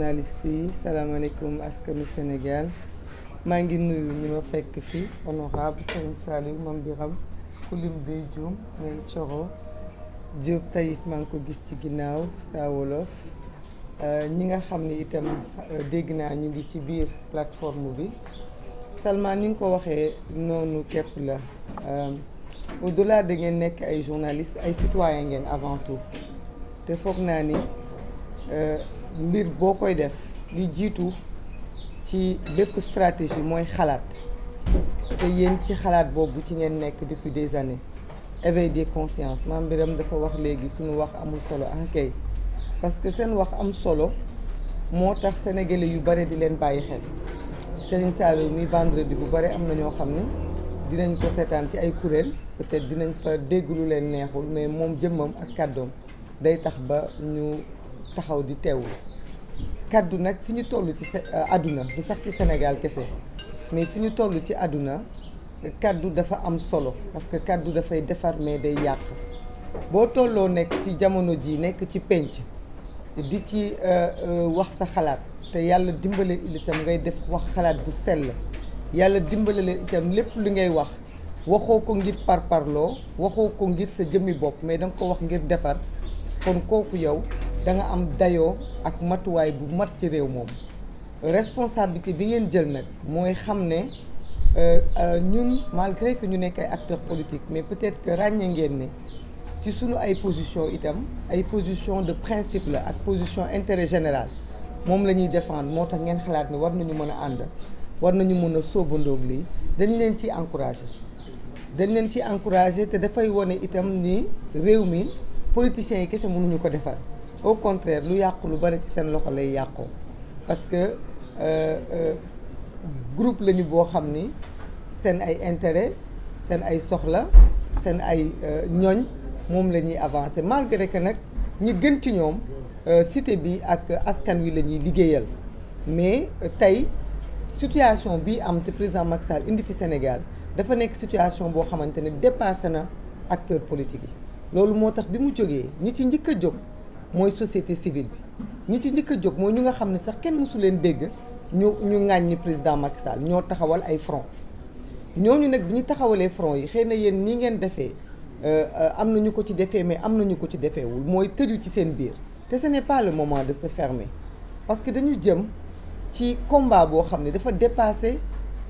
journaliste yi salaamaaleykum askanu Sénégal maa ngi fekk fii honorable Serigne Saliou Mame Birame maa ngi ko gis ci ginnaaw Saa euh, ñi nga xam ne itam euh, dégg naa ñu ngi ci biir plateforme bi Salma ni nga ko waxee noonu képp la euh, au-delà nekk ay journaliste ay citoyen ngeen avant tout te foog naa ni mbir boo koy def li jiitu ci bépp stratégie mooy xalaat te yéen ci xalaat boobu ci ngeen nekk depuis des années éveil des consciences maam Biram dafa wax léegi suñu wax amul solo ak ah, kay parce que seen wax am solo moo tax sénégalais yu bare di leen bàyyi xel Serigne Saliou mi vendredi bu bare am na ñoo xam ne dinañ ko seetaan ci ay kuréel peut-être dinañ fa dégg lu leen neexul mais moom jëmmam ak kàddoom day tax ba ñu taxaw di teewlu kàddu nag fi ñu toll ci euh, àdduna bu sax ci Sénégal kese mais fi ñu toll ci àdduna kàddu dafa am solo parce que kaddu dafay defar mais day yàq boo tolloo nekk ci jamono ji nekk ci pénc di ci euh, euh, wax sa xalaat te yàlla dimbale itam ngay def wax xalaat bu sell yàlla dimbale la itam lépp li ngay wax waxoo ko ngir parloo waxoo ko ngir sa jëmmi bopp mais danga ko wax ngir defar kon kooku yow da nga am dayoo ak matuwaay bu mat ci réew moom responsabilité bi ngeen jël nag mooy xam ne euh, euh, ñun malgré que ñu nekk ay acteur politiques mais peut-être que ràññee ngeen ni ci sunu ay position itam ay position de principe la ak position intérêt général moom la ñuy défendre moo tax ngeen xalaat ni war nañu mën a ànd war nañu mën a sóobandoog lii dañ leen ci encouragé dañ leen ci encouragé te dafay wane itam ni réew mi politiciens yi kese mënuñu ko defar au contraire lu yàqu lu bari ci seen loxo lay yàqoo parce que euh, euh, groupe lañu boo xam ni seen ay intérêt seen ay soxla seen ay euh, ñoñ moom la ñuy avancer malgré que nag ñi gën ci ñoom cité bi ak askan wi la ñuy liggéeyal mais tey situation bi am te président Macky Sall indi fi Sénégal dafa nekk situation boo xamante ne dépassé na acteur politique yi loolu moo tax bi mu jógee ñi ci njëkk a jóg mooy société civile bi ñi ci njëkk a jóg mooy ñu nga xam ne sax kenn mësu leen dégg ñu ñu ŋàññi président Macky Sall ñoo taxawal ay front ñooñu nag bi ñu taxawalee front yi xëy na yéen nii ngeen defee euh, euh, am na ñu ko ci defee mais am na ñu ko ci defeewul mooy tëju ci seen biir te ce n'est pas le moment de se fermer parce que dañu jëm ci combat boo xam ne dafa dépasser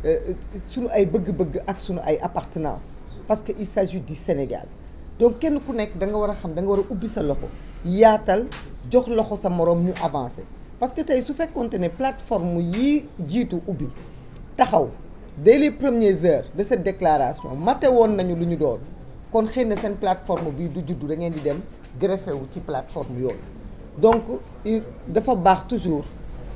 euh, sunu ay bëgg-bëgg ak sunu ay appartenance parce que il s'agit di Sénégal donc kenn ku nekk da nga war a xam da war a ubbi sa loxo yaatal jox loxo sa moroom ñu avancer parce que tey su fekkoonte ne plateforme yi jiitu ubbi taxaw dès les premières heures de cette déclaration mate woon nañu lu ñu doon kon xëy na seen plateforme bi du juddu da ngeen di dem greffé ci plateforme yooyu donc dafa baax toujours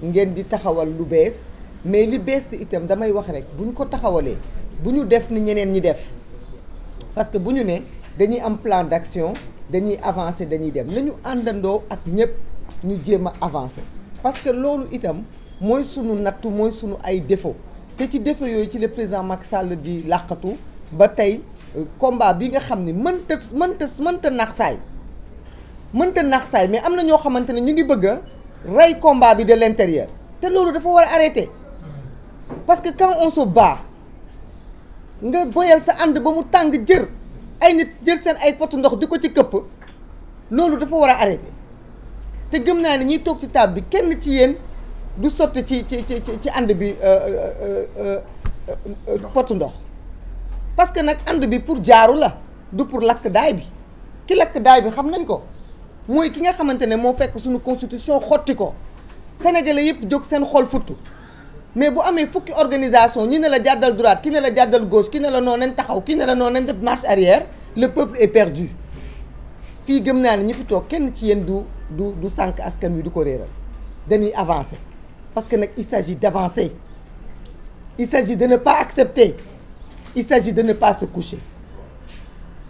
ngeen di taxawal lu bees mais li bees di itam damay wax rek bu ñu ko taxawalee bu ñu def ni ñeneen ñi def parce que bu ñu ne dañuy am plan d'action dañuy avancer dañuy dem nañu àndandoo ak ñëpp ñu jéem a avancer parce que loolu itam mooy sunu nattu mooy sunu ay défaut te ci défaut yooyu ci le président Macky Sall di làqatu ba tey euh, combat bi nga xam ne mënta mënta mënta nax saay mënta nax saay mais am na ñoo xamante ne ñu ngi bëgg a rey combat bi de l'intérieur te loolu dafa war a arrêter parce que quand on se bat nga boyal sa ànd ba mu tàng jër ay nit jël seen ay pot ndox di ko ci këpp loolu dafa war a arrêté te gëm naa ni ñuy toog ci taab bi kenn ci yéen du sotti ci ci ci ci ànd bi euh, euh, euh, potu ndox parce que nag ànd bi pour jaaru la du pour lakk daay bi ki lakk daay bi xam nañ ko mooy ki nga xamante ne moo fekk suñu constitution xotti ko senegale yëpp jóg seen xol futtu mais bu amee fukki organisation ñi ne la jàddal droite ki ne la jàddal gauche ki ne la noonu nañ taxaw ki ne la noonu nañ def marche arrière le peuple est perdu fii gëm naa ne ñi fi toog kenn ci yéen du du du sànq askan wi du ko réeral dañuy avancer parce que nag il s'agit d'avancer il s'agit de ne pas accepter il s'agit de ne pas se coucher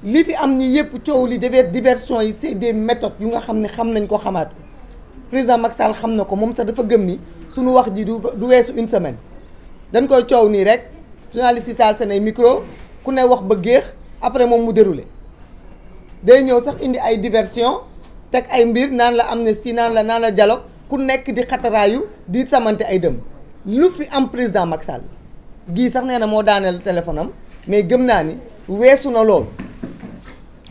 li fi am ni yëpp coow li divers diversion yi c'est des méthodes yu nga xam ne xam nañ ko xamaat président Macky Sall xam na ko moom sax dafa gëm ni suñu wax ji du du weesu une semaine dañ koy coow nii rek journaliste yi taal seen ay micro ku ne wax ba géex après moom mu déroulé day ñëw sax indi ay diversion teg ay mbir naan la amnistie naan la naan la dialogue ku nekk di xataraayu di samante ay dëm lu fi am président Macky Sall gii sax nee na moo daaneel téléphone am mais gëm naa ni weesu na lool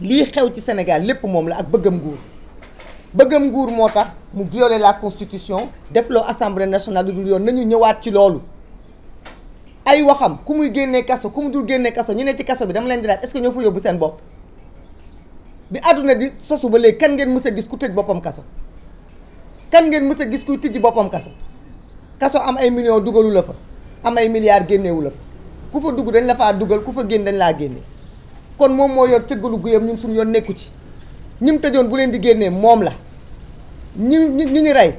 lii xew ci Sénégal lépp moom la ak bëggam nguur bëggam nguur moo tax mu violé la constitution def loo assemblée nationale du dul yoon nañu ñëwaat ci loolu ay waxam ku muy génnee kaso ku mu dul génne kaso ñu ne ci kaso bi dama leen di laaj est-ce que fa yóbbu seen bopp bi àdduna di sosu ba léegi kan ngeen mës gis ku tëj boppam kaso kan ngeen mës a gis kuy tijji boppam kaso kaso am ay millions dugalu la fa am ay milliards génnewu la fa ku fa dugg dañ la faa dugal ku fa génn dañ laa génne kon moom moo yor tëggalu guyam ñun suñu yoon nekku ci ñu mu tëjoon bu leen di génnee moom la ñu ñu ñu rey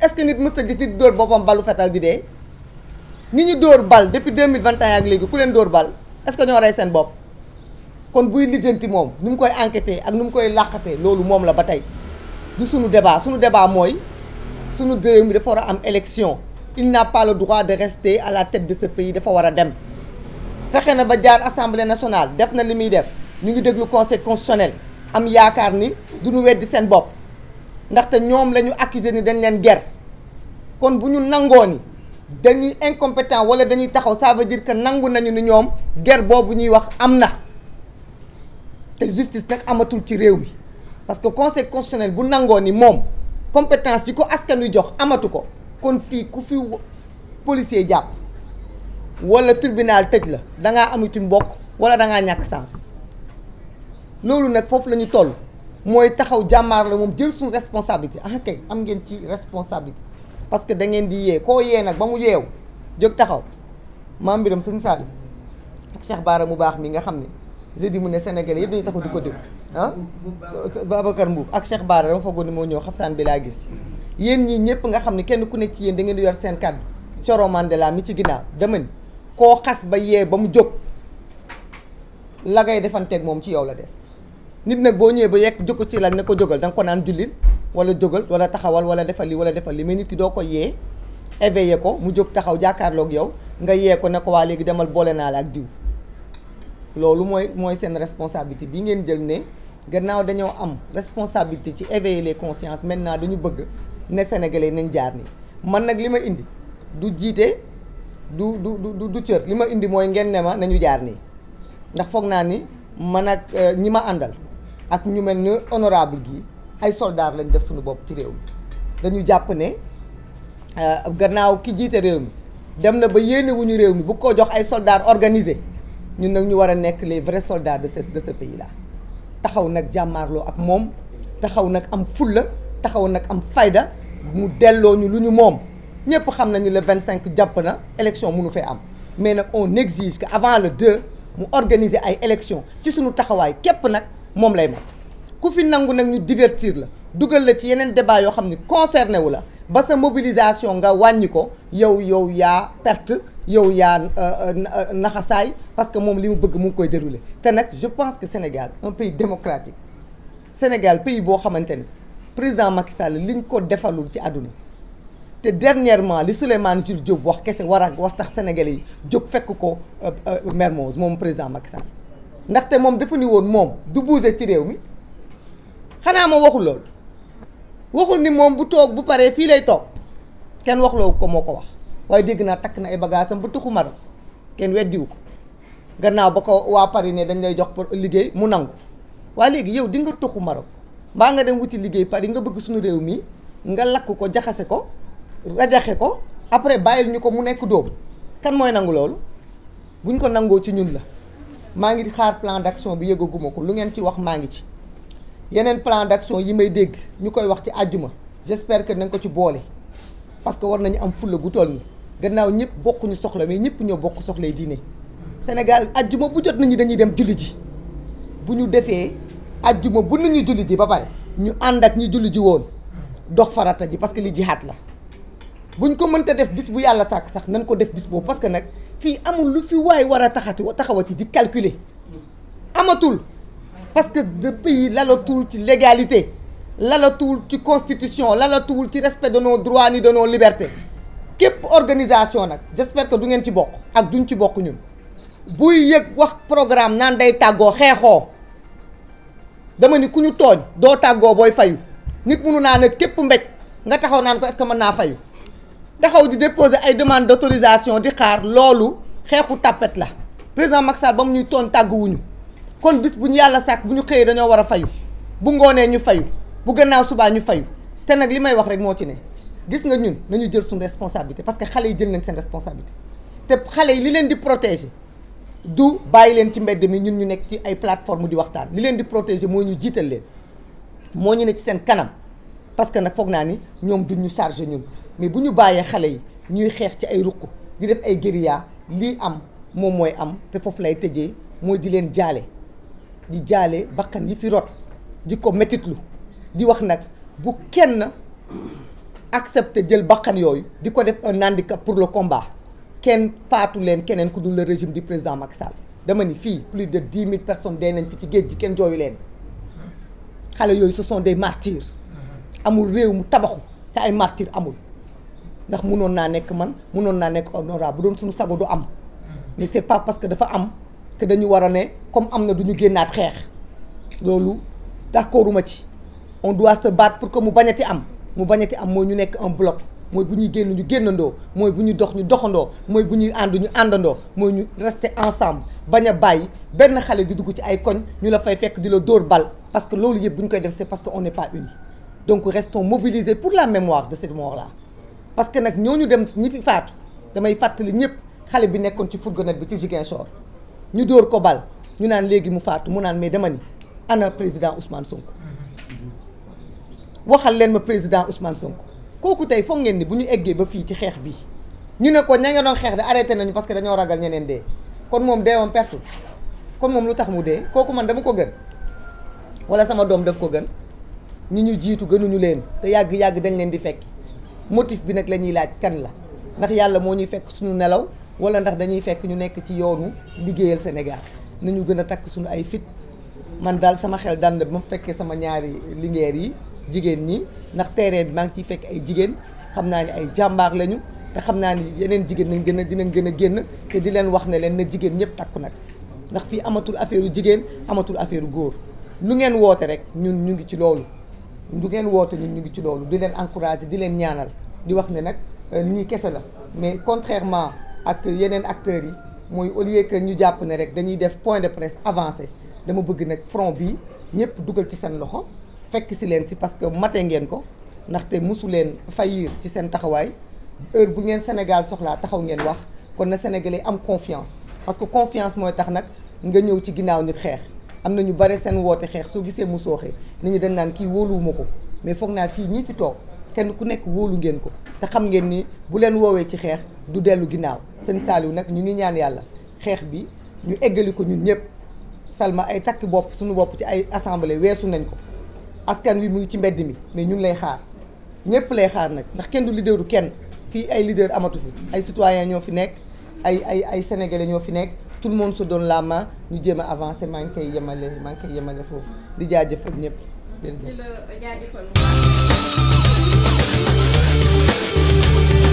est-ce que nit mës a gis nit dóor boppam balu fetal di dee ñu ñu dóor bal depuis deux 2021 ak léegi ku leen dóor bal est que ñoo rey seen bopp kon buy lijjanti moom nu mu koy enquêter ak nu mu koy làqatee loolu moom la ba tey du sunu débat suñu débat mooy sunu réew mi dafa war a am élection il n'a pas le droit de rester à la tête de ce pays dafa war a dem fexe na ba jaar assemblée nationale def na li muy def ñu ngi déglu conseil constitutionnel am yaakaar ni duñu weddi seen bopp ndaxte ñoom lañu ñu accuser ni dañ leen ger kon bu ñu nangoo ni dañuy incompétent wala dañuy taxaw ça veut dire que nangu nañu ni ñoom ger boobu ñuy wax am na te justice nag amatul ci réew mi parce que conseil constitutionnel bu nangoo ni moom compétence yi ko askan wi jox amatu ko kon fii ku fi policier jàpp wala tribunal tëj la dangaa amuti mbokk wala dangaa ñàkk sens loolu nag foofu la ñu toll mooy taxaw jàmmaar la moom jël suñu responsabilité ah kay am ngeen ci responsabilité parce que da ngeen di yee koo yee nag ba mu yeew jóg taxaw maam mbiram sëñ Saliou ak Cheikh Baara mu baax mi nga xam ne jeudi mu ne Sénégalais yëpp dañuy taxaw di ko déglu ah Babacar ak Cheikh Baara dama foogoon ni moo ñëw xaftaan bi laa gis yéen ñii ñëpp nga xam ne kenn ku nekk ci yéen da ngeen di yor seen kàddu Coro Mandela mi ci ginnaaw dama koo xas ba yee ba mu jóg la ngay moom ci yow la des nit nag boo ñëwee ba yekk jóg ci lan ne ko jógal da ko naan jullil wala jógal wala taxawal wala defal li wala defal li mais nit ki doo ko yee éveillé ko mu jóg taxaw jàkkaarloog yow nga yee ko ne ko waa léegi demal boole naa la ak diw loolu mooy mooy seen responsabilité bi ngeen jël ne gannaaw dañoo am responsabilité ci éveiller les consciences maintenant dañu bëgg ne sénégalais nañ jaar nii man nag li ma indi du jiite du du du du cër li ma indi mooy ngeen ne ma nañu jaar nii ndax foog naa ni man ak euh, ñi ma àndal ak ñu mel ne honorable gi ay soldats lañ def suñu bopp ci réew mi dañu jàpp ne euh, gannaaw ki jiite réew mi dem na ba yéene wuñu réew mi bu ko jox ay soldaar organiser ñun nag ñu war a nekk les vrais soldats de ce de ce taxaw nag jàmmaarloo ak moom taxaw nag am fulla taxaw nag am fayda mu delloo ñu lu ñu moom ñëpp xam nañu le cinq jàpp na mu mënu fee am mais nag on exige que avant le 2 mu organiser ay élection ci suñu taxawaay képp nag. moom lay mat ku fi nangu nag ñu divertir la dugal la ci yeneen débat yoo xam ni concerné wu la ba sa mobilisation nga wàññi ko yow yow yaa perte yow yaa euh, euh, naxasaay parce que moom li mu bëgg mu ngi koy dérouler te nag je pense que Sénégal un pays démocratique Sénégal pays boo xamante ni président Macky Sall liñ ko defalul ci àdduna te dernièrement li Souleymane Jules jóg wax kese war a war tax sénégalais yi jóg fekk ko euh, Mermoz moom président Macky ndaxte moom dafa ni woon moom du bouger ci réew mi xanaa ma waxul loolu waxul ni moom bu toog bu paree fii lay toog kenn waxloo ko moo ko wax waaye dégg naa takk na ay bagaasam bu tuxu Maroc kenn weddiwu ko gannaaw ba ko waa Paris ne dañ lay jox pour liggéey mu nangu waaye léegi yow di nga tuxu Maroc mbaa nga dem wuti liggéey Paris nga bëgg suñu réew mi nga lakk ko jaxase ko rajaxe ko après bàyyil ñu ko mu nekk dóom kan mooy nangu loolu buñ ko nangoo ci ñun la maa ngi xaar plan d'action bi yëgaguma ko lu ngeen ci wax maa ngi ci yeneen plan d'action yi may dégg ñu koy wax ci àjjuma j'espère que nañ ko ci boole parce que war nañu am fulla gu toll ni gannaaw ñëpp bokkuñu soxla mais ñëpp ñoo bokk soxlay diine Sénégal àjjuma bu jot nañu dañuy dem julli ji bu ñu defee àjjuma bu nit ñuy julli ji ba pare ñu ànd ak ñu julli ji woon dox farata ji parce que li jihaat la bu ñu ko mënta def bis bu yàlla sàkk sax nañ ko def bis boobu parce que nag fii amul lu fi waay war a taxati taxawati di calculer amatul parce que de pays lalatuwul ci légalité lalatuwul ci constitution lalatuwul ci respect de nos ni de nos képp organisation nag j'espère que du ngeen ci bokk ak duñ ci bokk ñun buy yëg wax programme naan day tàggoo xeexoo dama ni ku ñu tooñ doo tàggoo booy fayu nit mënu naa ne képp mbéj nga taxaw naan ko est-ce que mën naa fayu taxaw di déposer ay demande d' autorisation di xaar loolu xeexu tàppet la président Macky Sall ba mu ñuy toon tàgguwuñu kon bis bu ñu yàlla sàkk bu ñu xëyee dañoo war a fayu bu ngoonee ñu fayu bu gannaaw subaa ñu fayu te nag li may wax rek moo ci ne gis nga ñun ñu jël suñu responsabilité parce que xale yi jël nañ seen responsabilité te xale yi li leen di protéger du bàyyi leen ci mbedd mi ñun ñu nekk ci ay plateforme di waxtaan li leen di protéger moo ñu jiital moo ñu ne ci seen kanam parce que nag foog naa ni ñoom duñ ñu chargé mais bu ñu bàyyee xale yi ñuy xeex ci ay ruq di def ay gériya lii am moom mooy am te foofu lay tëjee mooy di leen jaale di jaale bakkan yi fi rot di ko métitlu di wax nag bu kenn accepté jël bakkan yooyu di ko def un pour le combat kenn faatu leen keneen ku dul le régime du président Macky Sall dama ni fii plus de dix mille personnes dee nañ fi ci géej gi kenn jooyu leen xale yooyu ce de des martyrs amul réew mu tabaxu te ay martir amul ndax munoon naa nekk man mënoon naa nekk honorable bu doon suñu sago du am hmm. mais c'est pas parce que dafa am te dañu war a ne comme am na du ñu génnaat xeex loolu d'accorduma ci on doit se battre pour que mu bañati am mu bañati am mooy ñu nekk un bloc mooy bu ñuy génn ñu génnandoo mooy bu ñu dox ñu doxandoo mooy bu ñuy ànd ñu àndandoo mooy ñu rester ensemble bañ a bàyyi benn xale di dugg ci ay koñ ñu la fay fekk di la dóor bal parce que loolu yëpp bu ñu koy def c'est parce que on la parce que nag ñu dem ñi fi faatu damay fàttali ñëpp xale bi nekkoon ci fourgonnette bi ci Ziguinchor ñu dóor ko bal ñu naan léegi mu faatu mu naan mais dama ni ana président Ousmane Sonko waxal leen ma président Ousmane Sonko kooku tey foog ngeen ni bu ñu eggee ba fii ci xeex bi ñu ne ko ña nga doon xeex de arrêté nañu parce que dañoo ragal ñeneen dee kon moom deewam perte kon moom lu tax mu dee kooku man dama ko gën wala sama doom daf ko gën ñi ñu jiitu gënuñu leen te yàgg-yàgg dañ leen di fekki motif bi nag la ñuy laaj kan la ndax yàlla moo ñuy fekk suñu nelaw wala ndax dañuy fekk ñu nekk ci yoonu liggéeyal Sénégal nañu gën a takk suñu ay fit man daal sama xel dal na ba ma fekkee sama ñaari lingeer yi jigéen ñi ndax terrain bi maa ngi ciy fekk ay jigéen xam naa ne ay jàmbaar lañu te xam naa ni yeneen jigéen nañ gën a dinañ gën a génn te di leen wax ne leen na jigéen ñëpp takku nag ndax fii amatul affaire jigéen amatul affaire góor lu ngeen woote rek ñun ñu ngi ci loolu du ngeen woote ñun ñu ngi ci loolu di leen encouragé di leen ñaanal di wax ne nag nii euh, kese la mais contrairement ak yeneen acteurs yi mooy au lieu que ñu jàpp ne rek dañuy def point de presse avancé dama bëgg nag front bi ñëpp dugal ci seen loxo fekk si leen si parce que mate ngeen ko ndaxte mosu leen faillir ci seen taxawaay heure bu ngeen Sénégal soxlaa taxaw ngeen wax kon na sénégalais am confiance parce que confiance mooy tax nag nga ñëw ci ginnaaw nit xeex. am na ñu bare seen woote xeex soo gisee mu sooxee nit ñu dañ naan kii wóoluwuma ko mais foog naa fii ñii fi toog kenn ku nekk wóolu ngeen ko te xam ngeen ni bu leen woowee ci xeex du dellu ginnaaw seen saaliw nag ñu ngi ñaan yàlla xeex bi ñu eggali ko ñun ñëpp salma ay takk bopp suñu bopp ci ay assemblée weesu nañ ko askan wi mu ngi ci mbedd mi mais ñun lay xaar ñëpp lay xaar nag ndax kenn du leaderu kenn fii ay leader amatu fi ay citoyen ñoo fi nekk ay ay ay sénégalais ñoo fi nekk tout moom monde doon donne la ñu jéem a avancé maa ngi koy yemale maa ngi koy yemale foofu di jaajëfal ñëpp jërëjëf